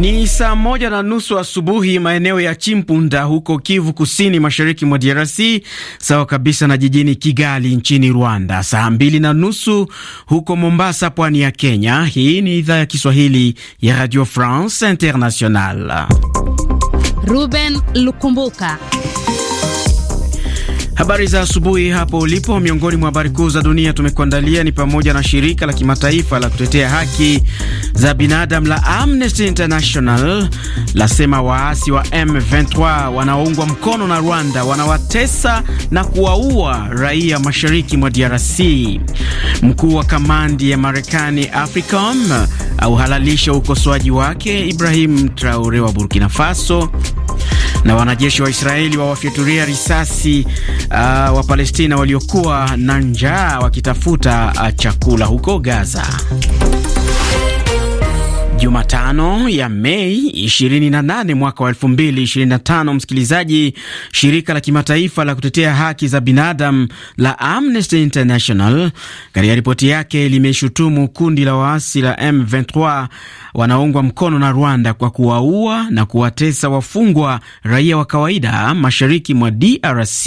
Ni saa moja na nusu asubuhi maeneo ya Chimpunda huko Kivu Kusini, mashariki mwa DRC, sawa kabisa na jijini Kigali nchini Rwanda, saa mbili na nusu huko Mombasa, pwani ya Kenya. Hii ni idhaa ya Kiswahili ya Radio France International. Ruben Lukumbuka Habari za asubuhi hapo ulipo. Miongoni mwa habari kuu za dunia tumekuandalia ni pamoja na shirika la kimataifa la kutetea haki za binadamu la Amnesty International lasema waasi wa M23 wanaoungwa mkono na Rwanda wanawatesa na kuwaua raia mashariki mwa DRC. Mkuu wa kamandi ya Marekani AFRICOM auhalalisha ukosoaji wake Ibrahim Traore wa Burkina Faso na wanajeshi wa Israeli wawafyatulia risasi uh, wa Palestina waliokuwa na njaa wakitafuta uh, chakula huko Gaza. Jumatano ya Mei 28 mwaka wa 2025, msikilizaji, shirika la kimataifa la kutetea haki za binadamu la Amnesty International katika ripoti yake limeshutumu kundi la waasi la M23 wanaoungwa mkono na Rwanda kwa kuwaua na kuwatesa wafungwa raia wa kawaida mashariki mwa DRC.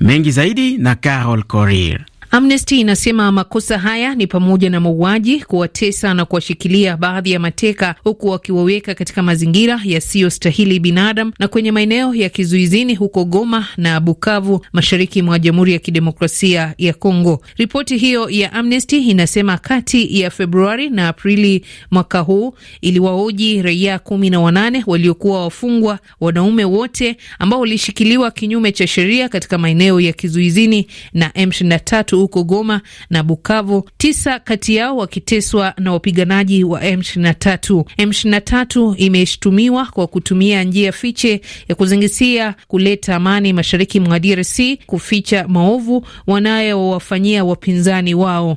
Mengi zaidi na Carol Korir. Amnesty inasema makosa haya ni pamoja na mauaji, kuwatesa na kuwashikilia baadhi ya mateka huku wakiwaweka katika mazingira yasiyostahili binadamu na kwenye maeneo ya kizuizini huko Goma na Bukavu, mashariki mwa Jamhuri ya Kidemokrasia ya Kongo. Ripoti hiyo ya Amnesty inasema kati ya Februari na Aprili mwaka huu iliwaoji raia kumi na wanane waliokuwa wafungwa, wanaume wote ambao walishikiliwa kinyume cha sheria katika maeneo ya kizuizini na M23 huko Goma na Bukavu, tisa kati yao wakiteswa na wapiganaji wa M23. M23 imeshutumiwa kwa kutumia njia fiche ya kuzingisia kuleta amani mashariki mwa DRC, kuficha maovu wanayowafanyia wapinzani wao.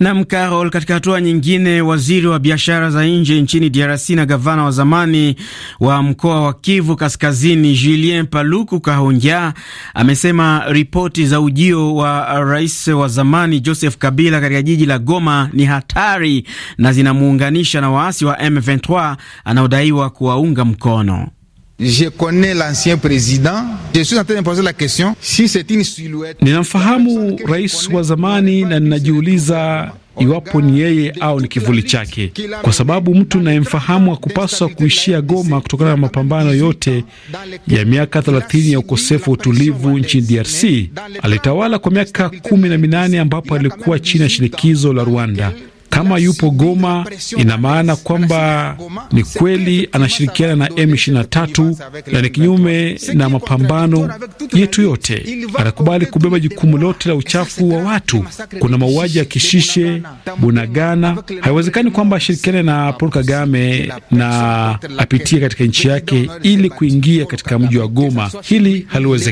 Nam Carol. Katika hatua nyingine, waziri wa biashara za nje nchini DRC na gavana wa zamani wa mkoa wa Kivu Kaskazini Julien Paluku Kahonja, amesema ripoti za ujio wa rais wa zamani Joseph Kabila katika jiji la Goma ni hatari na zinamuunganisha na waasi wa M23 anaodaiwa kuwaunga mkono. Ninamfahamu rais wa zamani na ninajiuliza iwapo ni yeye au ni kivuli chake, kwa sababu mtu nayemfahamu hakupaswa kuishia Goma kutokana na mapambano yote ya miaka 30 ya ukosefu wa utulivu nchini DRC. Alitawala kwa miaka kumi na minane ambapo alikuwa chini ya shinikizo la Rwanda. Kama yupo Goma, ina maana kwamba ni kweli anashirikiana na M23 na ni kinyume na mapambano yetu yote. Anakubali kubeba jukumu lote la uchafu wa watu. Kuna mauaji ya Kishishe, Bunagana. Haiwezekani kwamba ashirikiane na Paul Kagame na apitie katika nchi yake ili kuingia katika mji wa Goma. Hili haliwezekani.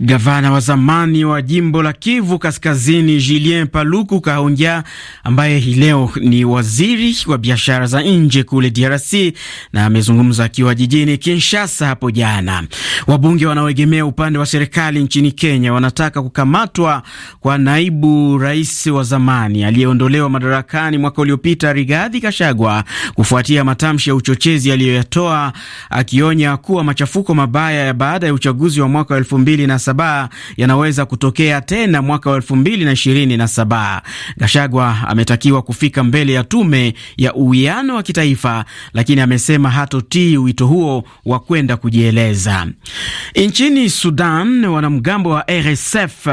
Gavana wa zamani wa jimbo la Kivu Kaskazini Julien Julien Paluku Kahonja ambaye hii leo ni waziri wa biashara za nje kule DRC na amezungumza akiwa jijini Kinshasa hapo jana. Wabunge wanaoegemea upande wa serikali nchini Kenya wanataka kukamatwa kwa naibu rais wa zamani aliyeondolewa madarakani mwaka uliopita Rigathi Gachagua kufuatia matamshi ya uchochezi aliyoyatoa akionya kuwa machafuko mabaya ya baada ya uchaguzi wa mwaka wa elfu mbili na saba yanaweza kutokea tena mwaka wa elfu mbili na ishirini Gashagwa ametakiwa kufika mbele ya tume ya uwiano wa kitaifa, lakini amesema hatotii wito huo wa kwenda kujieleza. Nchini Sudan, wanamgambo wa RSF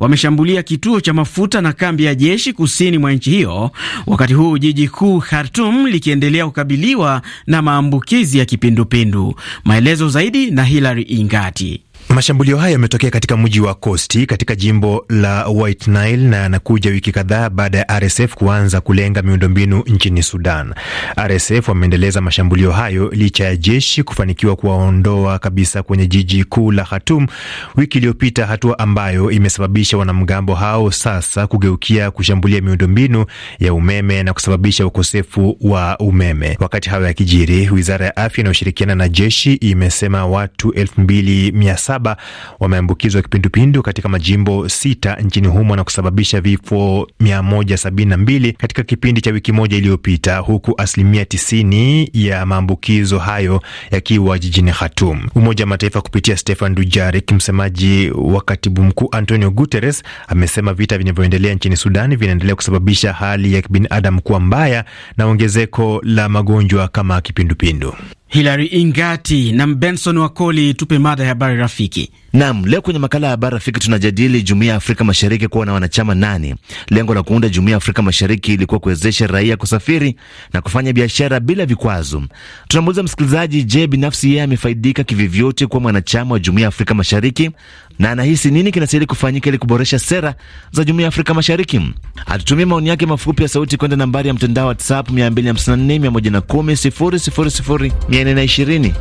wameshambulia kituo cha mafuta na kambi ya jeshi kusini mwa nchi hiyo, wakati huu jiji kuu Khartum likiendelea kukabiliwa na maambukizi ya kipindupindu. Maelezo zaidi na Hilary Ingati. Mashambulio hayo yametokea katika mji wa Kosti katika jimbo la White Nile na yanakuja wiki kadhaa baada ya RSF kuanza kulenga miundombinu nchini Sudan. RSF wameendeleza mashambulio hayo licha ya jeshi kufanikiwa kuwaondoa kabisa kwenye jiji kuu la Khartoum wiki iliyopita, hatua ambayo imesababisha wanamgambo hao sasa kugeukia kushambulia miundombinu ya umeme na kusababisha ukosefu wa umeme. Wakati hayo yakijiri, wizara ya afya inayoshirikiana na jeshi imesema watu elfu mbili mia saba saba wameambukizwa kipindupindu katika majimbo sita nchini humo na kusababisha vifo 172 katika kipindi cha wiki moja iliyopita, huku asilimia 90 ya maambukizo hayo yakiwa jijini Khartoum. Umoja wa Mataifa kupitia Stefan Dujarik, msemaji wa katibu mkuu Antonio Guterres, amesema vita vinavyoendelea nchini Sudani vinaendelea kusababisha hali ya kibinadamu kuwa mbaya na ongezeko la magonjwa kama kipindupindu. Hilary Ingati na Benson Wakoli. Tupe mada ya habari rafiki. Naam, leo kwenye makala ya habari rafiki tunajadili jumuiya ya Afrika Mashariki kuwa na wanachama nane. Lengo la kuunda jumuiya ya Afrika Mashariki ilikuwa kuwezesha raia kusafiri na kufanya biashara bila vikwazo. Tunamuuliza msikilizaji, je, binafsi yeye amefaidika kivivyote kuwa mwanachama wa jumuiya ya Afrika Mashariki na anahisi nini kinastahili kufanyika ili kuboresha sera za jumuiya ya Afrika Mashariki? Atutumie maoni yake mafupi ya sauti kwenda nambari ya mtandao WhatsApp 254 110 000 420.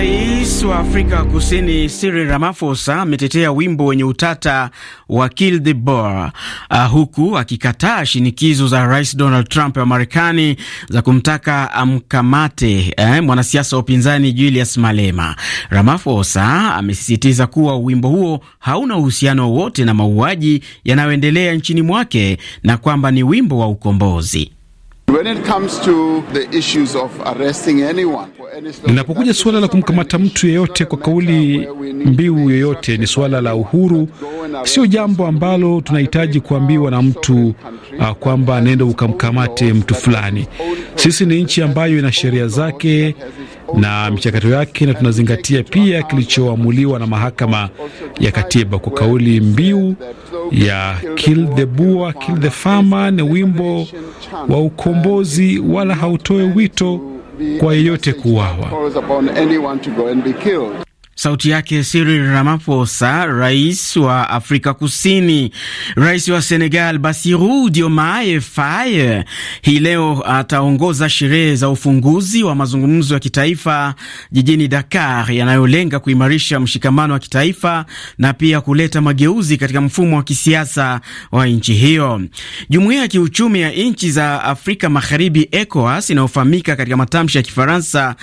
Rais wa Afrika Kusini Cyril Ramaphosa ametetea wimbo wenye utata wa Kill the Boer, uh, huku akikataa shinikizo za Rais Donald Trump wa Marekani za kumtaka amkamate eh, mwanasiasa wa upinzani Julius Malema. Ramaphosa amesisitiza kuwa wimbo huo hauna uhusiano wowote na mauaji yanayoendelea nchini mwake na kwamba ni wimbo wa ukombozi. Linapokuja suala la kumkamata mtu yeyote kwa kauli mbiu yoyote, ni suala la uhuru, sio jambo ambalo tunahitaji kuambiwa na mtu uh, kwamba nenda ukamkamate mtu fulani. Sisi ni nchi ambayo ina sheria zake, na michakato yake, na tunazingatia pia kilichoamuliwa na mahakama ya katiba kwa kauli mbiu ya kill the boer, kill the farmer. Ni wimbo wa ukombozi, wala hautoe wito kwa yeyote kuuawa. Sauti yake Cyril Ramaphosa, rais wa Afrika Kusini. Rais wa Senegal Bassirou Diomaye Faye hii leo ataongoza sherehe za ufunguzi wa mazungumzo ya kitaifa jijini Dakar yanayolenga kuimarisha mshikamano wa kitaifa na pia kuleta mageuzi katika mfumo wa kisiasa wa nchi hiyo. Jumuiya ya kiuchumi ya nchi za Afrika Magharibi ECOWAS inayofahamika katika matamshi ya Kifaransa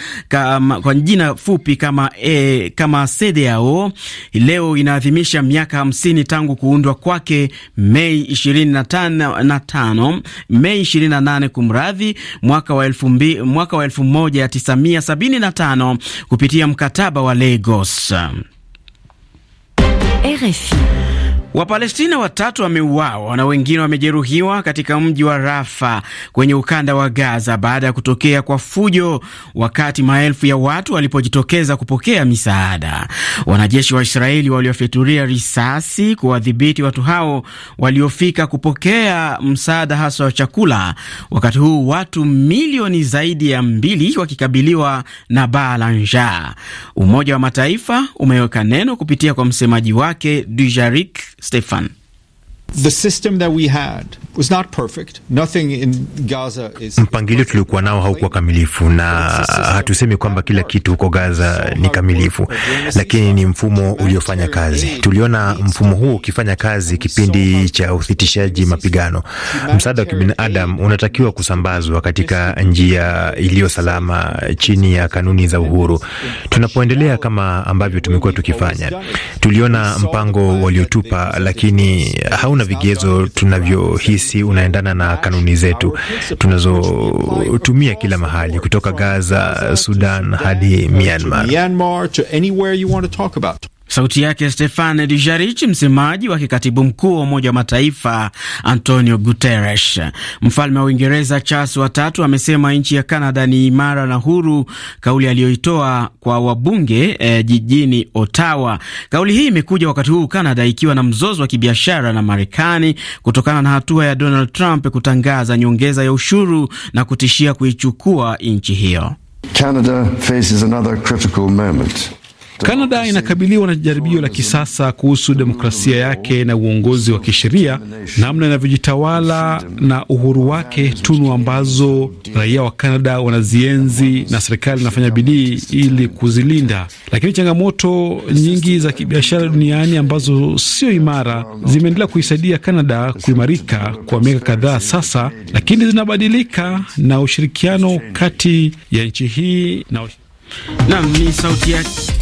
kwa jina fupi kama e, kama kama CDAO leo inaadhimisha miaka 50 tangu kuundwa kwake Mei 25 Mei 28 kumradhi, mwaka wa 1975 kupitia mkataba wa Lagos. RFI Wapalestina watatu wameuawa na wengine wamejeruhiwa katika mji wa Rafa kwenye ukanda wa Gaza baada ya kutokea kwa fujo, wakati maelfu ya watu walipojitokeza kupokea misaada. Wanajeshi wa Israeli waliofyatulia risasi kuwadhibiti watu hao waliofika kupokea msaada, hasa wa chakula, wakati huu watu milioni zaidi ya mbili wakikabiliwa na baa la njaa. Umoja wa Mataifa umeweka neno kupitia kwa msemaji wake Dujarik Stefan. Mpangilio tuliokuwa nao haukuwa kamilifu, na hatusemi kwamba kila kitu huko Gaza ni kamilifu, lakini ni mfumo uliofanya kazi. Tuliona mfumo huu ukifanya kazi kipindi cha uthitishaji mapigano. Msaada wa kibinadamu unatakiwa kusambazwa katika njia iliyo salama, chini ya kanuni za uhuru. Tunapoendelea kama ambavyo tumekuwa tukifanya, tuliona mpango waliotupa, lakini hauna hauna vigezo tunavyohisi unaendana na kanuni zetu tunazotumia kila mahali, kutoka Gaza, Sudan hadi Myanmar. Sauti yake Stefane Dujarric, msemaji wake katibu mkuu wa Umoja wa Mataifa Antonio Guterres. Mfalme wa Uingereza Charles watatu amesema nchi ya Canada ni imara na huru, kauli aliyoitoa kwa wabunge eh, jijini Ottawa. Kauli hii imekuja wakati huu Canada ikiwa na mzozo wa kibiashara na Marekani kutokana na hatua ya Donald Trump kutangaza nyongeza ya ushuru na kutishia kuichukua nchi hiyo. Canada faces another critical moment. Kanada inakabiliwa na jaribio la kisasa kuhusu demokrasia yake na uongozi wa kisheria, namna inavyojitawala na uhuru wake, tunu ambazo raia wa Kanada wanazienzi na serikali inafanya bidii ili kuzilinda. Lakini changamoto nyingi za kibiashara duniani ambazo sio imara zimeendelea kuisaidia Kanada kuimarika kwa miaka kadhaa sasa, lakini zinabadilika na ushirikiano kati ya nchi hii na nam ni sauti yake